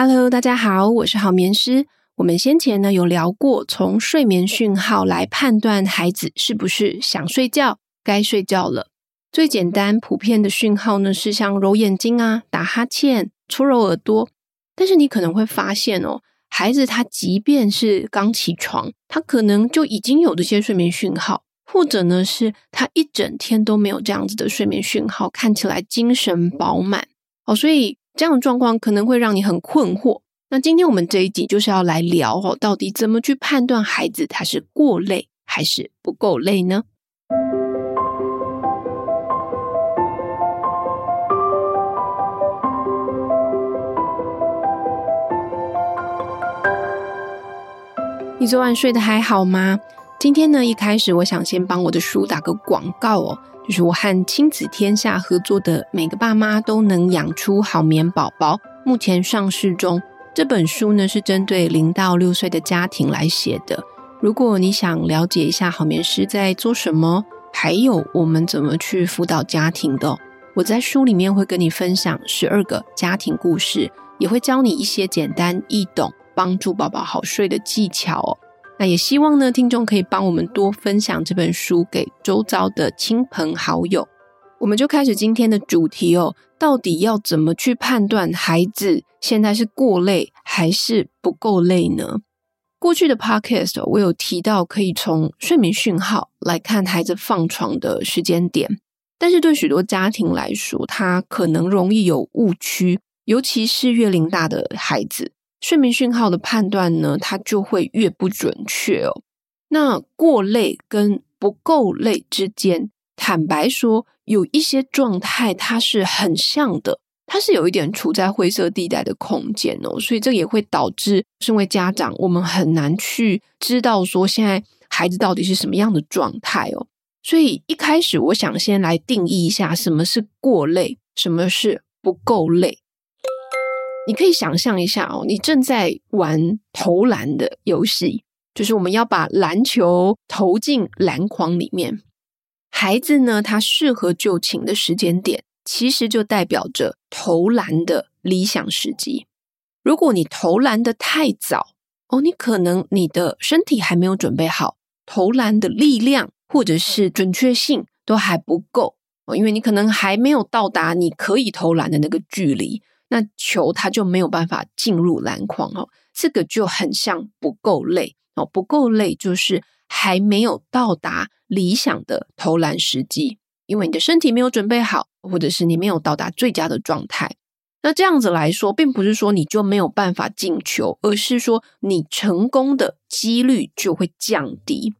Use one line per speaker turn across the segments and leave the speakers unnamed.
Hello，大家好，我是好眠師。我們先前呢有聊過，從睡眠訊號來判斷孩子是不是想睡覺、該睡覺了。最簡單、普遍的訊號呢是像揉眼睛啊、打哈欠、搓揉耳朵。但是你可能會發現哦，孩子他即便是剛起床，他可能就已經有這些睡眠訊號，或者呢是他一整天都沒有這樣子的睡眠訊號，看起來精神飽滿哦，所以。這樣的狀況可能會讓你很困惑。那今天我們這一集就是要來聊哦，到底怎麼去判斷孩子他是過累還是不夠累呢？你昨晚睡得還好嗎？今天呢，一開始我想先幫我的書打個廣告哦，就是我和親子天下合作的《每個爸媽都能養出好眠寶寶》，目前上市中。這本書呢是針對零到六歲的家庭來寫的。如果你想了解一下好眠師在做什麼，還有我們怎麼去輔導家庭的哦，我在書裡面會跟你分享十二個家庭故事，也會教你一些簡單易懂、幫助寶寶好睡的技巧哦。那也希望呢，聽眾可以幫我們多分享這本書給周遭的親朋好友。我們就開始今天的主題哦，到底要怎麼去判斷孩子現在是過累還是不夠累呢？過去的 Podcast 哦，我有提到，可以從睡眠訊號來看孩子放床的時間點，但是對許多家庭來說，他可能容易有誤區，尤其是月齡大的孩子。睡眠訊號的判斷呢，它就會越不準確哦。那過累跟不夠累之間，坦白說，有一些狀態它是很像的，它是有一點處在灰色地帶的空間哦。所以這也會導致，身為家長，我們很難去知道說現在孩子到底是什麼樣的狀態哦。所以一開始，我想先來定義一下，什麼是過累，什麼是不夠累。你可以想象一下哦，你正在玩投籃的遊戲，就是我們要把籃球投進籃筐裡面。孩子呢，他適合就寢的時間點，其實就代表着投籃的理想時機。如果你投籃得太早哦，你可能你的身體還沒有準備好，投籃的力量或者是準確性都還不夠哦，因為你可能還沒有到達你可以投籃的那個距離。那球它就沒有辦法進入籃筐哈，這個就很像不夠累哦，不夠累就是還沒有到達理想的投籃時機，因為你的身體沒有準備好，或者是你沒有到達最佳的狀態。那這樣子來說，並不是說你就沒有辦法進球，而是說你成功的幾率就會降低。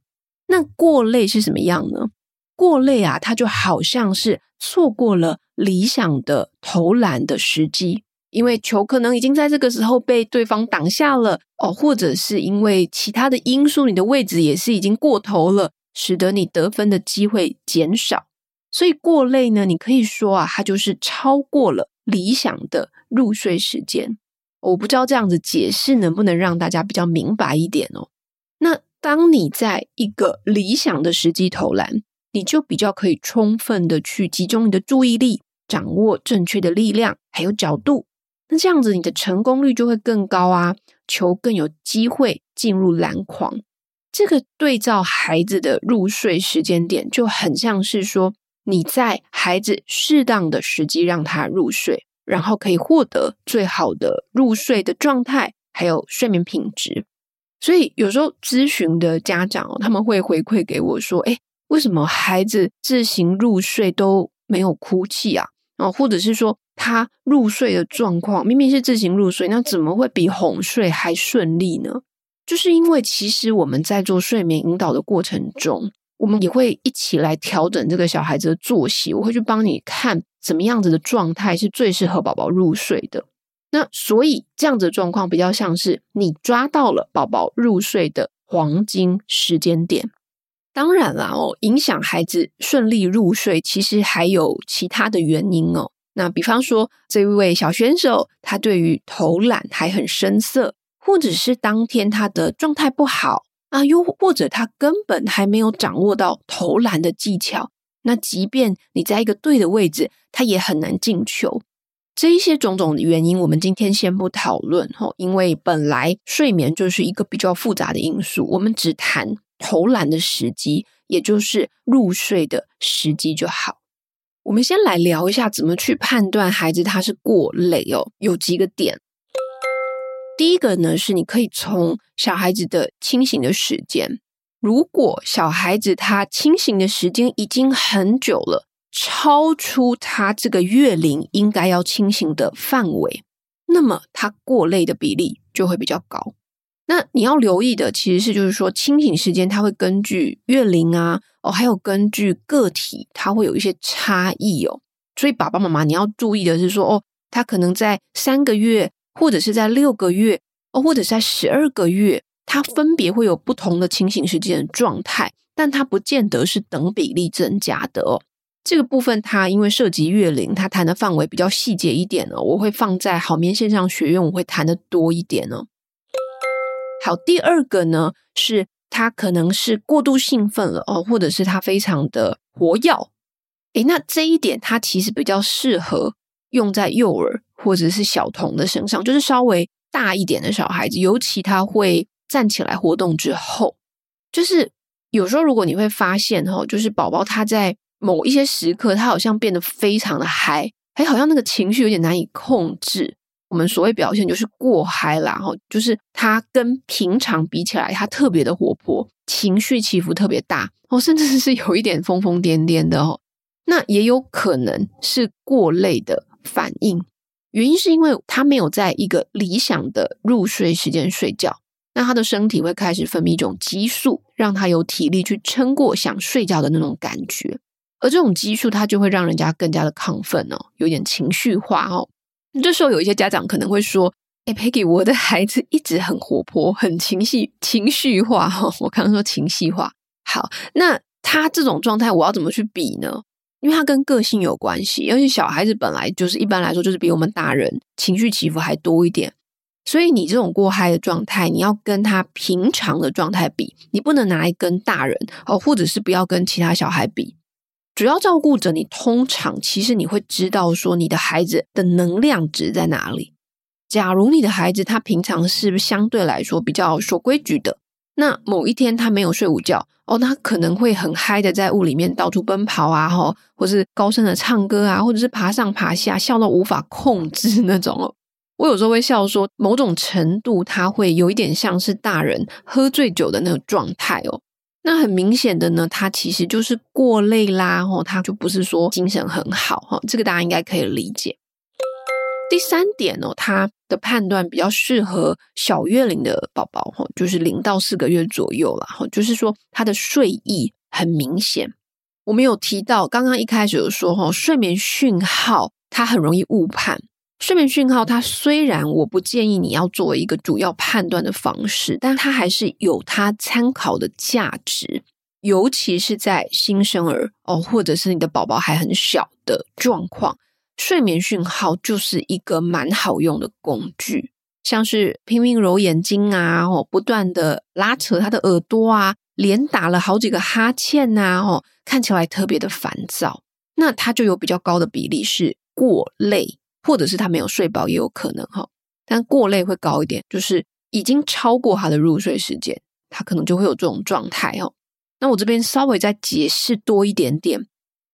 那過累是什麼樣呢？過累啊，它就好像是錯過了理想的投籃的時機，因為球可能已經在這個時候被對方擋下了哦，或者是因為其他的因素，你的位置也是已經過頭了，使得你得分的機會減少。所以過累呢，你可以說啊，它就是超過了理想的入睡時間。哦，我不知道這樣子解釋能不能讓大家比較明白一點哦。那當你在一個理想的時機投籃，你就比較可以充分的去集中你的注意力，掌握正確的力量還有角度，那這樣子你的成功率就會更高啊，球更有機會進入籃筐。這個對照孩子的入睡時間點，就很像是說你在孩子適當的時機讓他入睡，然後可以獲得最好的入睡的狀態，還有睡眠品質。所以有時候諮詢的家長哦，他們會回饋給我說：“哎。”為什麼孩子自行入睡都沒有哭泣啊？哦，或者是說他入睡的狀況明明是自行入睡，那怎麼會比哄睡還順利呢？就是因為其實我們在做睡眠引導的過程中，我們也會一起來調整這個小孩子的作息。我會去幫你看怎麼樣子的狀態是最適合寶寶入睡的。那所以這樣子的狀況比較像是你抓到了寶寶入睡的黃金時間點。當然啦，哦，影響孩子順利入睡，其實還有其他的原因哦。那比方說，這一位小選手，他對於投籃還很生澀，或者是當天他的狀態不好啊，又或者他根本還沒有掌握到投籃的技巧。那即便你在一個對的位置，他也很難進球。這一些種種的原因，我們今天先不討論哦，因為本來睡眠就是一個比較複雜的因素，我們只談投籃的時機，也就是入睡的時機就好。我們先來聊一下，怎麼去判斷孩子他是過累哦？有幾個點。第一個呢，是你可以從小孩子的清醒的時間，如果小孩子他清醒的時間已經很久了，超出他這個月齡應該要清醒的範圍，那麼他過累的比例就會比較高。那你要留意的其實是，就是說清醒時間，它會根據月齡啊，哦，還有根據個體，它會有一些差異哦。所以爸爸媽媽你要注意的是說，哦，他可能在三個月，或者是在六個月，哦，或者是在十二個月，它分別會有不同的清醒時間的狀態，但它不見得是等比例增加的。哦。這個部分它因為涉及月齡，它談的範圍比較細節一點呢、哦，我會放在好眠線上學苑，我會談的多一點呢、哦。好，第二個呢，是他可能是過度興奮了哦，或者是他非常的活躍。誒，那這一點他其實比較適合用在幼兒或者是小童的身上，就是稍微大一點的小孩子，尤其他會站起來活動之後，就是有時候如果你會發現哈、哦，就是寶寶他在某一些時刻，他好像變得非常的嗨，誒，好像那個情緒有點難以控制。我們所謂表現就是過嗨啦。吼，就是他跟平常比起來，他特別的活潑，情緒起伏特別大，哦，甚至是有一點瘋瘋癲癲的，吼。那也有可能是過累的反應，原因是因為他沒有在一個理想的入睡時間睡覺，那他的身體會開始分泌一種激素，讓他有體力去撐過想睡覺的那種感覺，而這種激素它就會讓人家更加的亢奮哦，有點情緒化哦。這時候有一些家長可能會說：“哎，Peggy，我的孩子一直很活潑，很情緒情緒化。”哈，我剛剛說情緒化。好，那他這種狀態我要怎麼去比呢？因為他跟個性有關係，而且小孩子本來就是一般來說就是比我們大人情緒起伏還多一點。所以你這種過嗨的狀態，你要跟他平常的狀態比，你不能拿來跟大人哦，或者是不要跟其他小孩比。主要照顧者，你通常其實你會知道說，你的孩子的能量值在哪裡。假如你的孩子他平常是相對來說比較守規矩的，那某一天他沒有睡午覺哦，他可能會很嗨的在屋裡面到處奔跑啊，吼，或是高聲的唱歌啊，或者是爬上爬下笑到無法控制那種哦。我有時候會笑說，某種程度他會有一點像是大人喝醉酒的那種狀態哦。那很明顯的呢，他其實就是過累啦，吼，他就不是說精神很好，哈，這個大家應該可以理解。第三點呢，他的判斷比較適合小月齡的寶寶，哈，就是零到四個月左右了，哈，就是說他的睡意很明顯。我們有提到剛剛一開始有說，哈，睡眠訊號他很容易誤判。睡眠訊號，它雖然我不建議你要作為一個主要判斷的方式，但它還是有它參考的價值，尤其是在新生兒哦，或者是你的寶寶還很小的狀況，睡眠訊號就是一個蠻好用的工具，像是拼命揉眼睛啊，哦，不斷的拉扯他的耳朵啊，連打了好幾個哈欠啊，哦，看起來特別的煩躁，那它就有比較高的比例是過累。或者是他沒有睡飽也有可能哈，但過累會高一點，就是已經超過他的入睡時間，他可能就會有這種狀態哦，那我這邊稍微再解釋多一點點，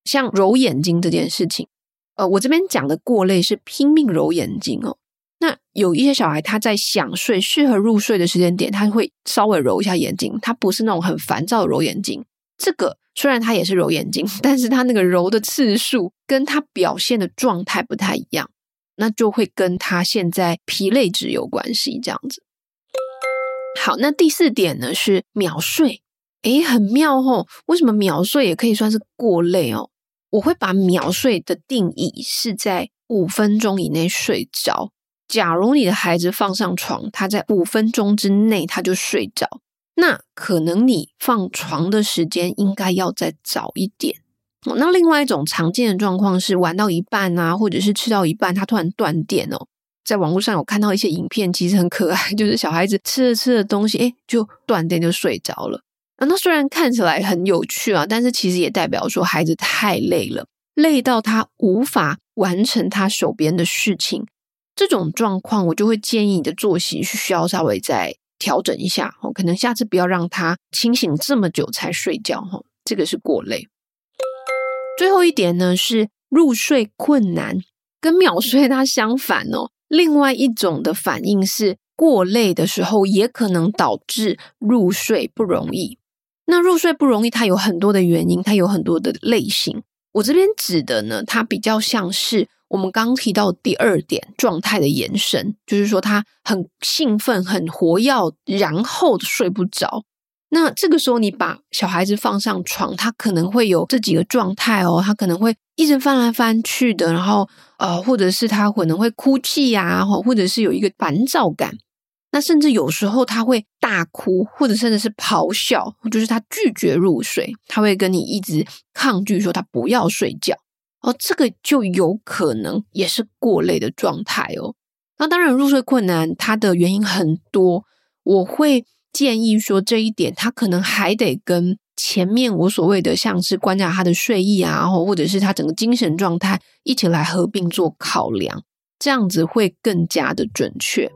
像揉眼睛這件事情，呃，我這邊講的過累是拼命揉眼睛哦。那有一些小孩他在想睡、適合入睡的時間點，他會稍微揉一下眼睛，他不是那種很煩躁的揉眼睛。這個雖然他也是揉眼睛，但是他那個揉的次數跟他表現的狀態不太一樣。那就會跟他現在疲累值有關係，這樣子。好，那第四點呢，是秒睡，誒，很妙吼、哦。為什麼秒睡也可以算是過累哦？我會把秒睡的定義是在五分鐘以內睡着。假如你的孩子放上床，他在五分鐘之內他就睡着，那可能你放床的時間應該要再早一點。哦，那另外一種常見的狀況是玩到一半啊，或者是吃到一半，他突然斷電哦。在網絡上有看到一些影片，其實很可愛，就是小孩子吃着吃着東西，哎，就斷電就睡着了。啊，那雖然看起來很有趣啊，但是其實也代表說孩子太累了，累到他無法完成他手邊的事情。這種狀況，我就會建議你的作息是需要稍微再調整一下。哦，可能下次不要讓他清醒這麼久才睡覺。哈，哦，這個是過累。最後一點呢，是入睡困難，跟秒睡它相反哦。另外一種的反應是過累的時候，也可能導致入睡不容易。那入睡不容易，它有很多的原因，它有很多的類型。我這邊指的呢，它比較像是我們剛提到第二點狀態的延伸，就是說它很興奮、很活躍，然後睡不着。那這個時候，你把小孩子放上床，他可能會有這幾個狀態哦，他可能會一直翻來翻去的，然後呃，或者是他可能會哭泣呀，或者是有一個煩躁感。那甚至有時候他會大哭，或者甚至是咆哮，就是他拒絕入睡，他會跟你一直抗拒說他不要睡覺。哦，這個就有可能也是過累的狀態哦。那當然，入睡困難它的原因很多，我會。建議說這一點，他可能還得跟前面我所謂的像是觀察他的睡意啊，或者是他整個精神狀態一起來合併做考量，這樣子會更加的準確。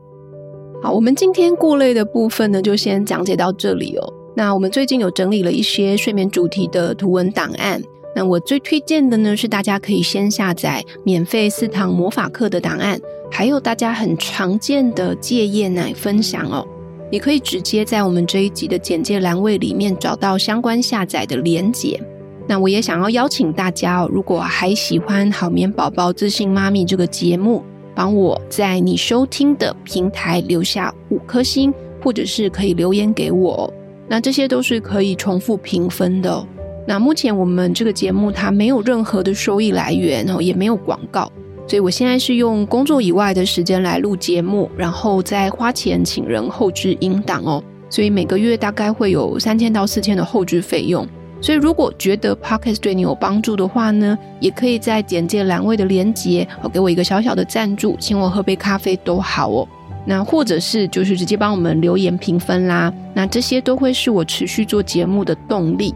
好，我們今天過累的部分呢，就先講解到這裡哦。那我們最近有整理了一些睡眠主題的圖文檔案，那我最推薦的呢，是大家可以先下載免費四堂魔法課的檔案，還有大家很常見的戒夜奶分享哦。你可以直接在我們這一集的簡介欄位裡面找到相關下載的鏈接。那我也想要邀請大家哦，如果還喜歡《好眠寶寶自信媽咪》這個節目，幫我在你收聽的平台留下五顆星，或者是可以留言給我哦。那這些都是可以重複評分的哦。那目前我們這個節目它沒有任何的收益來源哦，也沒有廣告。所以，我現在是用工作以外的時間來錄節目，然後再花錢請人後製音檔哦。所以每個月大概會有三千到四千的後製費用。所以，如果覺得 Podcast 對你有幫助的話呢，也可以在簡介欄位的鏈接給我一個小小的贊助，請我喝杯咖啡都好哦。那或者是就是直接幫我們留言評分啦。那這些都會是我持續做節目的動力。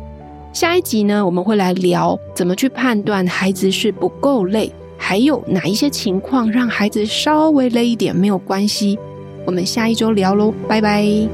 下一集呢，我們會來聊怎麼去判斷孩子是不夠累。還有哪一些情況讓孩子稍微累一點沒有關係？我們下一周聊嘍，拜拜。